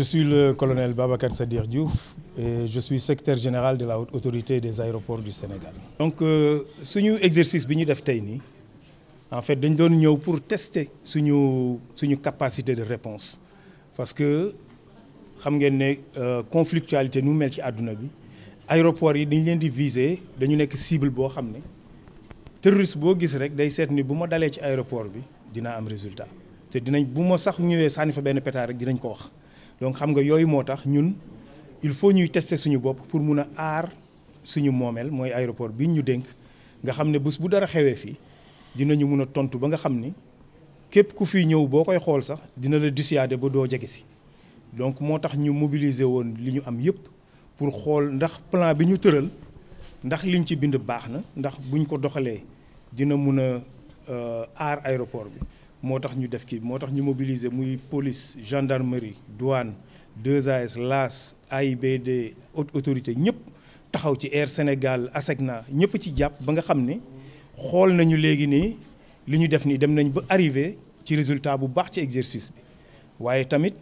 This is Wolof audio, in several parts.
Je suis le colonel Babacar Sadir Diouf et je suis secrétaire général de la haute autorité des aéroports du Sénégal. donc euh, suñu exercice bi ñu def tey nii en fait dañ doon ñëw pour tester suñu suñu capacité de réponse parce que xam ngeen ne euh, conflictualité nu mel ci àdduna bi aéroport yi dañ leen di viser dañu nekk cible boo xam ne terroriste boo gis rek day seet ni bu ma dalee ci aéroport bi dina am résultat te dinañ bu ma sax ñëwee sànni fa benn pétard rek dinañ ko wax. donc xam nga yooyu moo tax ñun il faut ñuy tester suñu bopp pour mun a aar suñu moomeel mooy aéroport bi ñu dénk nga xam ne bés bu dara xewee fii dinañu mun a tontu ba nga xam ni képp ku fi ñëw boo koy xool sax dina la dissuader ba doo jege si donc moo tax ñu mobiliser woon li ñu am yëpp pour xool ndax plan bi ñu tëral ndax liñ ci bind baax na ndax buñ ko doxalee dina mun a euh, aar aéroport bi moo tax ñu def kii moo tax ñu mobiliser muy police gendarmerie douane 2AS LAS AIBD haute autorité ñëpp taxaw ci Air Sénégal ASECNA ñëpp ci jàpp ba nga xam ni xool nañu léegi nii li ñu def nii dem nañ ba arriver ci résultat bu baax ci exercice bi waaye tamit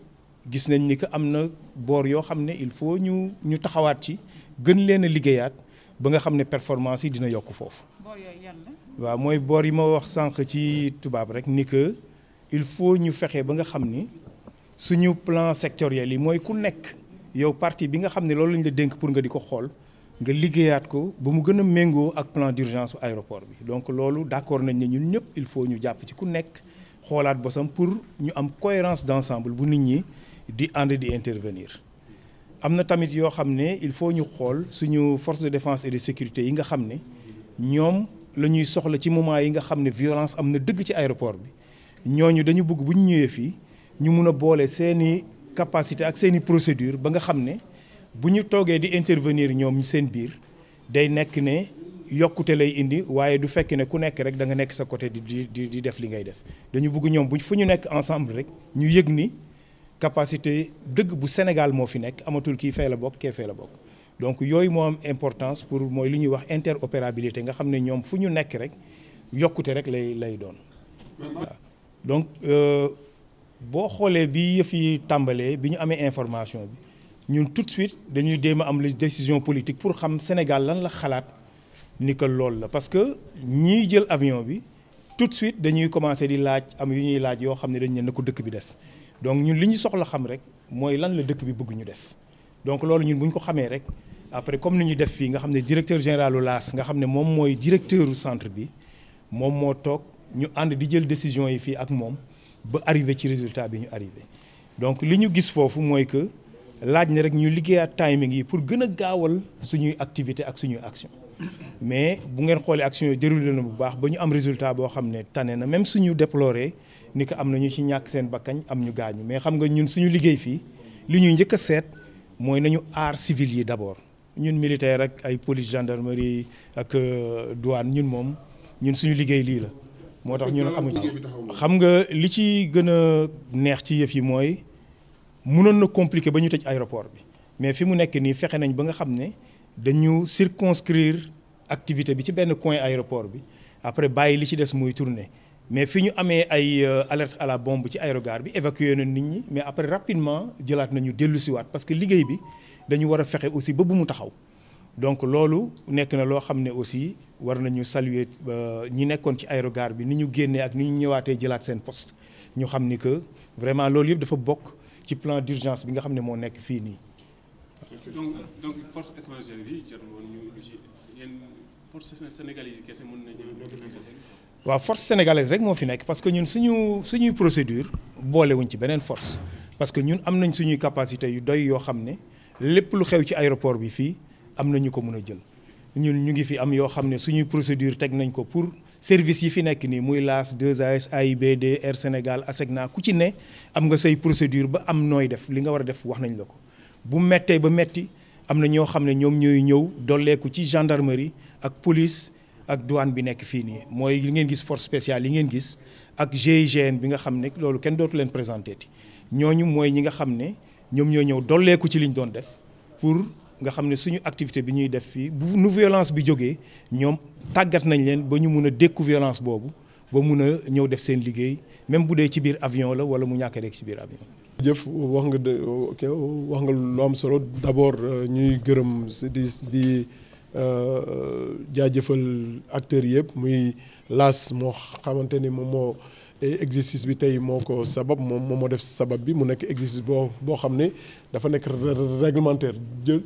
gis nañ ni que am na boor yoo xam ne il faut ñu ñu taxawaat ci gën leen a liggéeyaat. ba nga xam ne performance yi dina yokk foofu. waaw mooy boor yi ma wax sànq ci tubaab rek ni que il faut ñu fexee ba nga xam ni suñu plan sectoriel yi mooy ku nekk yow parti bi nga xam ne loolu lañ la dénk pour nga di ko xool nga liggéeyaat ko ba mu gën a méngoo ak plan d'urgence aéroport bi donc loolu d'accord nañ ne ñun ñëpp il faut ñu jàpp ci ku nekk xoolaat bosam pour ñu am cohérence d'ensemble bu nit ñi di ànd di intervenir. am na tamit yoo xam ne il faut ñu xool suñu force de défense et de sécurité yi nga xam ne ñoom la ñuy soxla ci moment yi nga xam ne violence am na dëgg ci aéroport bi ñooñu dañu bugg bu ñu ñëwee fii ñu mun a boole seeni capacité ak seeni procédure ba nga xam ne bu ñu toogee di intervenir ñoom seen biir day nekk ne yokkute lay indi waaye du fekk ne ku nekk rek da nga nekk sa côté di di di def li ngay def dañu bugg ñoom bu fu ñu nekk ensemble rek ñu yëg ni. capacité dëgg bu Sénégal moo fi nekk amatul kii fee la bokk kee fee la bokk donc yooyu moo am importance pour mooy li ñuy wax interopérabilité nga xam ne ñoom fu ñu nekk rek yokkute rek lay lay doon waaw donc euh, boo xoolee bi yëf yi tàmbalee bi ñu amee information bi ñun tout de suite dañuy déem a am les décisions politiques pour xam Sénégal lan la xalaat ni que loolu la parce que ñiy jël avion bi tout de suite dañuy commencer di laaj am yu ñuy laaj yoo xam ne dañ ne ko dëkk bi def donc ñun li ñu soxla xam rek mooy lan la dëkk bi bëgg ñu def donc loolu ñun bu ñu ko xamee rek après comme ni ñu def fii nga xam ne directeur généralu LAS nga xam ne moom mooy directeuru centre bi moom moo toog ñu ànd di jël décision yi fii ak moom ba arriver ci résultat bi ñu arrivé donc li ñu gis foofu mooy que laaj na rek ñu liggéeyaat timing yi pour gën a gaawal suñuy activité ak suñuy action mais bu ngeen xoolee action yooyu déroulé na bu baax ba ñu am résultat boo xam ne tane na même suñu déploré ni ko am na ñu ci ñàkk seen bakkañ am ñu gaañu mais xam nga ñun suñu liggéey fii li ñuy njëkk seet mooy nañu aar civil yi d'abord ñun militaire ak ay police gendarmerie ak euh, douane ñun moom ñun suñu liggéey lii la moo tax ñun amuñ ci xam nga li ci gën a neex ci yëf yi mooy mënoon na compliqué ba ñu tëj aéroport bi mais fi mu nekk nii fexe nañ ba nga xam ne dañu circonscrire activité bi ci benn coin aéroport bi après bàyyi li ci des muy tourner mais fi ñu amee ay euh, alerte à la bombe ci aérogare bi évacué na nit ñi mais après rapidement jëlaat nañu dellusiwaat parce que liggéey bi dañu war a fexe aussi ba bu mu taxaw donc loolu nekk na loo xam ne aussi war nañu saluer euh, ñi nekkoon ci aérogare bi ni ñu génnee ak ni ñu ñëwaatee jëlaat seen post ñu xam ni que vraiment loolu yëpp dafa bokk ci plan d'urgence bi nga xam ne moo nekk fii nii donc donc bi jarul woon ñu ci yéen force sénégalaise waaw force sénégalaise rek moo fi nekk parce que ñun suñu suñuy procédure boolewuñ ci beneen force parce que ñun am nañ suñuy capacité yu doy yoo xam ne lépp lu xew ci aéroport bi fii am na ñu ko mën a jël ñun ñu ngi fi am yoo xam ne suñuy procédure teg nañ ko pour service yi fi nekk nii muy LAS 2AS AIBD Air Sénégal naa ku ci ne am nga say procédure ba am nooy def li nga war a def wax nañ la ko bu mettee ba metti am na ñoo xam ne ñoom ñooy ñëw dolleeku ci gendarmerie ak police ak douane bi nekk fii nii mooy li ngeen gis force spéciale yi ngeen gis ak GIGN bi nga xam ne loolu kenn dootu leen présenté ti ñooñu mooy ñi nga xam ne ñoom ñoo ñëw dolleeku ci liñ doon def pour nga xam ne suñu activité bi ñuy def fii bu nu violence bi jógee ñoom tàggat nañ leen ba ñu mun a dékku violence boobu ba mun a ñëw def seen liggéey même bu dee ci biir avion la wala mu ñàkk rek ci biir avion. jëf wax nga de wax nga lu am solo d'abord euh, ñuy gërëm di di euh, jaajëfal acteurs yëpp muy laas moo xamante ni moom moo eh, exercice bi tey moo ko sabab moom moo moo def sabab bi mu nekk exercice boo boo xam ne dafa nekk réglementaire jël.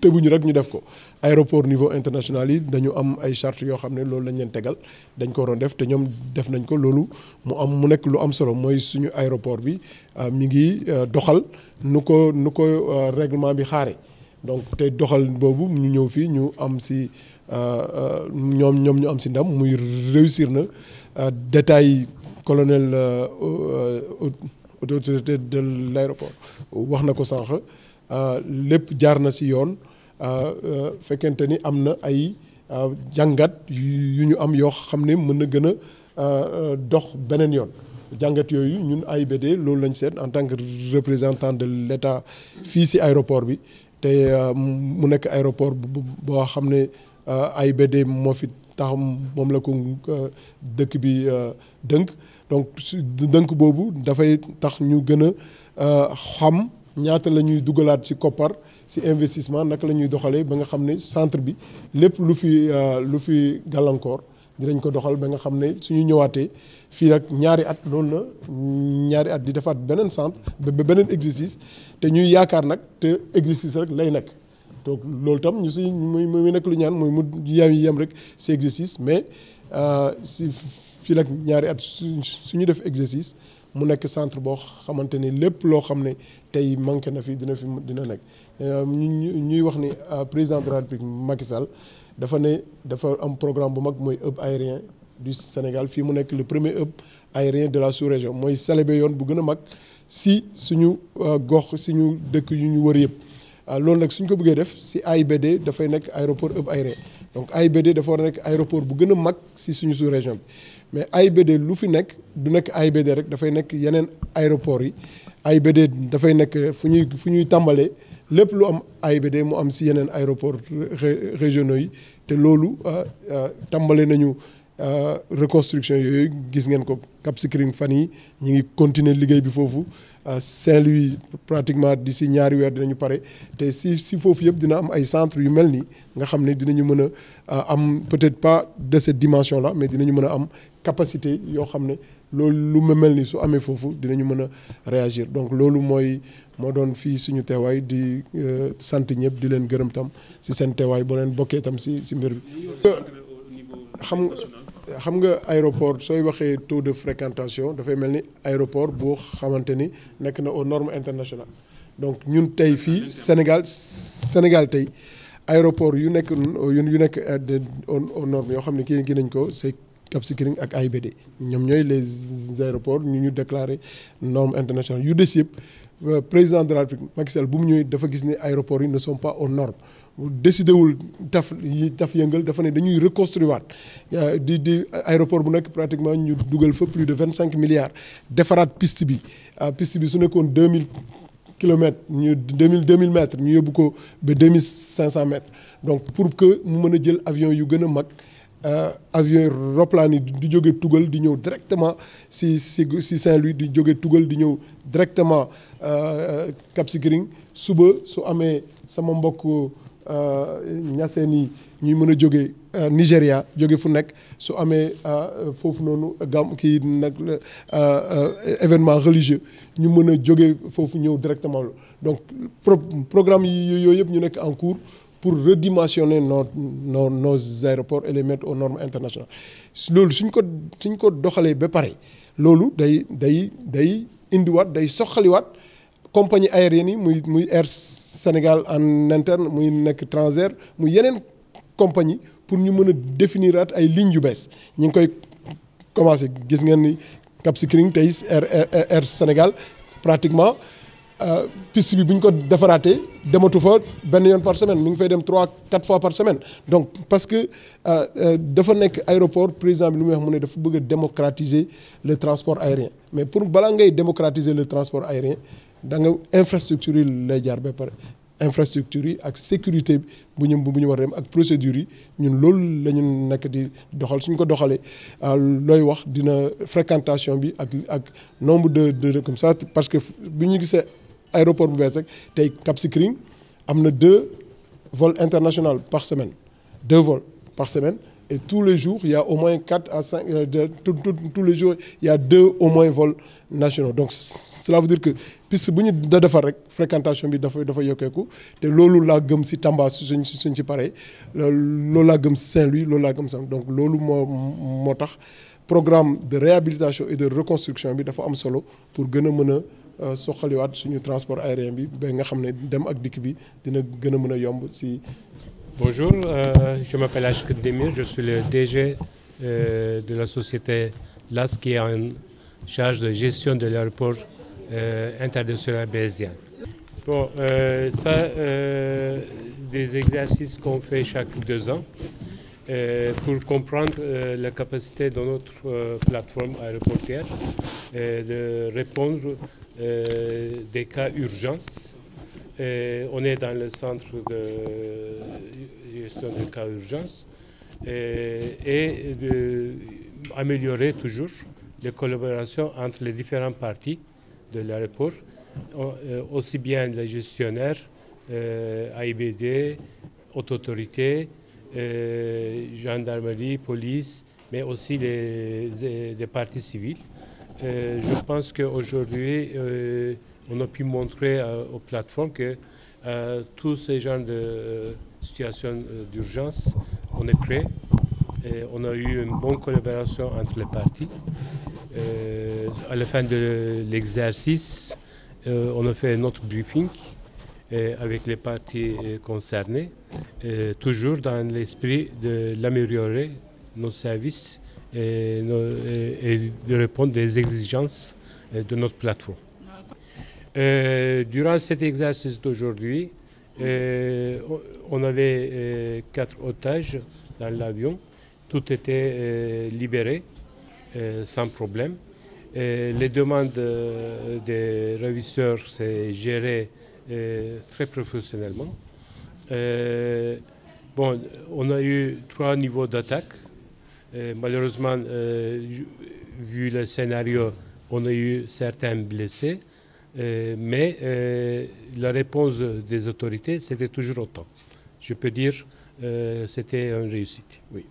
tëbuñu rek ñu def ko aéroport niveau international yi dañu am ay charte yoo xam ne loolu lañ leen tegal dañ ko waroon def te ñoom def nañ ko loolu mu am mu nekk lu am solo mooy suñu aéroport bi euh, mi ngi euh, doxal nu ko nu ko euh, réglement bi xaare donc te doxal boobu ñu ñëw fii ñu am si ñoom ñoom ñu am si ndam muy réussir na détail colonel autorité de l'aéroport wax na ko sànq Euh, lépp jaar na si yoon euh, euh, fekkente ni am na ay jàngat yu ñu am yoo xam ne mën na gën a dox beneen yoon jàngat yooyu ñun AIBD loolu lañ seet en tant que représentant de l'État fii si aéroport bi te mu nekk aéroport boo xam ne AIBD moo fi tax moom la ko dëkk bi dënk donc su dënk boobu dafay tax ñu gën a xam ñaata la ñuy dugalaat ci koppar ci investissement naka la ñuy doxalee ba nga xam ne centre bi lépp lu fi euh, lu fi gàllankoor dinañ ko doxal ba nga xam ne su suñu ñëwaatee fii nag ñaari at loolu la ñaari at di defaat beneen centre ba beneen exercice te ñuy yaakaar nag te exercice rek lay nekk donc loolu tam ñu si muy muy nekk lu ñaan mooy mu yem yem rek ci mais si euh, fii nag ñaari at suñu def exercice mu nekk centre boo xamante ni lépp loo xam ne tey manqué na fi dina fi dina nekk euh, ñu ñuy wax ni euh, président de la République Macky Sall dafa ne dafa am programme bu mag mooy hub aérien du Sénégal fii mu nekk le premier hub aérien de la sous-région mooy Selebe yoon bu gën a mag si suñu euh, gox suñu dëkk yu ñu wër yëpp Ah, loolu nag suñ ko bëggee def si AIBD dafay nekk aéroport ëpp aéré donc AIBD dafa war a nekk aéroport bu gën a mag si suñu su région bi mais AIBD lu fi nekk du nekk AIBD rek dafay nekk yeneen aéroport yi AIBD dafay nekk fu ñuy fu ñuy tàmbalee lépp lu am AIBD mu am si yeneen aéroport régionaux yi te loolu ah, ah, tàmbale nañu reconstruction yooyu gis ngeen ko Cap Skirring fan yi ñu ngi continuer liggéey bi foofu Saint-Louis pratiquement d'ici ñaari weer dinañu pare te si si foofu yëpp dina am ay centre yu mel nii nga xam ne dinañu mën a euh, am peut-être pas de cette dimension la mais dinañu mën a am capacité yoo xam ne loolu lu mel ni su amee foofu dinañu mën a réagir donc loolu mooy moo doon fii suñu teewaay di euh, sant ñëpp di leen gërëm tam si seen teewaay boo leen bokkee tam si si mbir bi euh, xam xam nga aéroport sooy waxee taux de fréquentation dafay mel ni aéroport boo xamante ni nekk na aux norme internationales donc ñun tey fii Sénégal Sénégal tey aéroport yu nekk yu nekk euh, aux normes yoo xam ne kii nañ ko c'est Cap Skirring ak AIBD ñoom ñooy les aéroports ñu ñu déclaré normes internationales yu des yëpp euh, président de la bu mu ñëwee dafa gis ni aéroports yi ne sont pas aux normes décidé wul taf yi taf yëngal dafa ne dañuy reconstruire waat di di aéroport bu nekk pratiquement ñu dugal fa plus de vingt cinq milliards defaraat piste bi ah, piste bi su nekkoon deux mille kilomètres ñu deux mille deux mille ñu yóbbu ko ba deux mille cinq cent mètres donc pour que mu mën a jël avion yu gën a mag ah, avion roplaan yi di jóge tugal di ñëw directement si si si Saint-Louis di jóge tugal di ñëw directement ah, Cap Skirring suba su amee sama mbokk. Euh, ñaseen yi ñuy mën a jóge euh, Nigéria jóge fu nekk su amee euh, foofu noonu gam kii nag événement religieux ñu mën a jóge foofu ñëw directement la donc pro programme yi yooyu yëpp ñu nekk en cours pour redimensionner nos nos nos aéroports et les mettre aux normes internationales loolu suñ ko suñ ko doxalee ba pare loolu day day day indiwaat day soxaliwaat. compagnie aérienne yi muy muy Air Sénégal en interne muy nekk Transair mu yeneen compagnie pour ñu mën a définir ay lignes yu bees ñu ngi koy commencé gis ngeen ni Cap Skirring tey Air Air Sénégal pratiquement euh, piste bi bu ñu ko defaraatee dematu fa benn yoon par semaine mu ngi fay dem trois quatre fois par semaine donc parce que euh, euh, dafa nekk aéroport président bi lu muy wax mu ne dafa bëgg a démocratiser le transport aérien mais pour balaa ngay démocratiser le transport aérien da nga infrastructure yi lay jaar ba pare infrastructure yi ak sécurité bu ñu bu ñu war a dem ak procédures yi ñun loolu la ñu nekk di doxal suñ ko doxalee ah, looy wax dina fréquentation bi ak ak nombre de de comme ça parce que bu ñu gisee aéroport bu bees rek tey Cap am na deux vole internationaux par semaine deux vole par semaine Et tous les jours, il a au moins 4 à 5, euh, tous les jours, il y a deux au moins vol nationaux. Donc cela veut dire que piste bu ñu da defar rek fréquentation bi dafa dafa yokkeeku te loolu laa gëm si Tamba suñ si suñ ci paree loolu laa gëm Saint-Louis loolu laa gëm Saint donc loolu moo moo tax programme de réhabilitation et de reconstruction bi dafa am solo pour gën a mën a euh, soxaliwaat suñu transport aérien bi ba nga xam ne dem ak dikk bi dina gën a mën a yomb si Bonjour, euh, je m'appelle Ashkut Demir, je suis le DG euh, de la société LAS qui est en charge de gestion de l'aéroport euh, international Bézdien. Bon, euh, ça, euh, des exercices qu'on fait chaque deux ans pour comprendre la capacité de notre plateforme aéroportière de répondre des cas urgences Et on est dans le centre de gestion des cas urgence et, et de améliorer toujours les collaborations entre les différentes parties de l'aéroport, e, aussi bien les gestionnaires, euh, AIBD, haute autorité, euh, gendarmerie, police, mais aussi les, les, les parties civiles. Euh, je pense qu'aujourd'hui, euh, on a pu montrer euh, aux plateformes que euh, tous ces genres de euh, situations d'urgence, on est prêt. Et on a eu une bonne collaboration entre les parties. Euh, à la fin de l'exercice, euh, on a fait notre briefing euh, avec les parties concernées, toujours dans l'esprit de l'améliorer nos services et, nos, et, et, de répondre aux exigences de notre plateforme. durant cet exercice d'aujourd'hui, on avait e, quatre otages dans l'avion. Tout était e, libéré e, sans problème. Et les demandes des réviseurs s'est géré très professionnellement. Et bon, on a eu trois niveaux d'attaque. Malheureusement, vu le scénario, on a eu certains blessés. Euh, mais euh, la réponse des autorités, c'était toujours autant. Je peux dire, euh, c'était une réussite, oui.